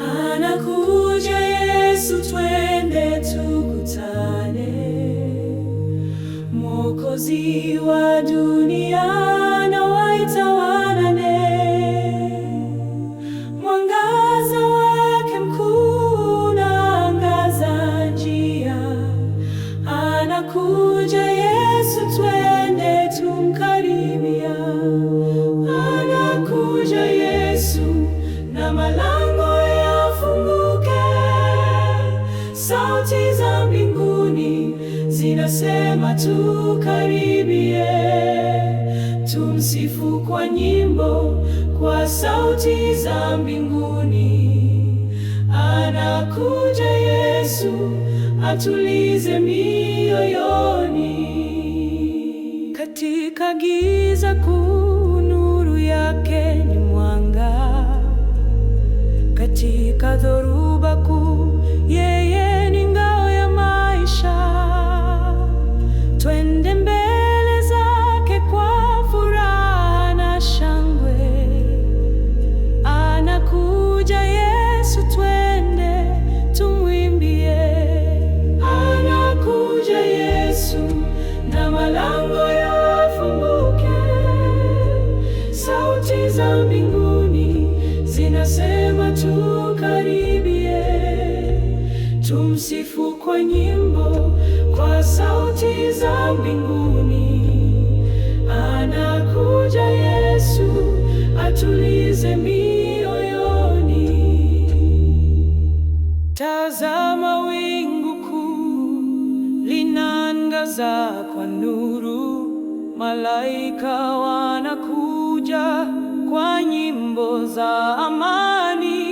Anakuja Yesu, twende tukutane. Mwokozi wa dunia na waita wanane, mwangaza wake mkuu naangaza njia. Anakuja Yesu, twende mkaribia Anakuja Yesu na malango yafunguke. Sauti za mbinguni zinasema tukaribie. Tumsifu kwa nyimbo, kwa sauti za mbinguni. Anakuja Yesu atulize mioyoni. Katika giza kuu, nuru yake ni mwanga, katika dhoruba za mbinguni zinasema tukaribie. Tumsifu kwa nyimbo, kwa sauti za mbinguni. Anakuja Yesu, atulize mioyoni. Tazama wingu kuu linaangaza kwa nuru malaika wanakuja kwa nyimbo za amani.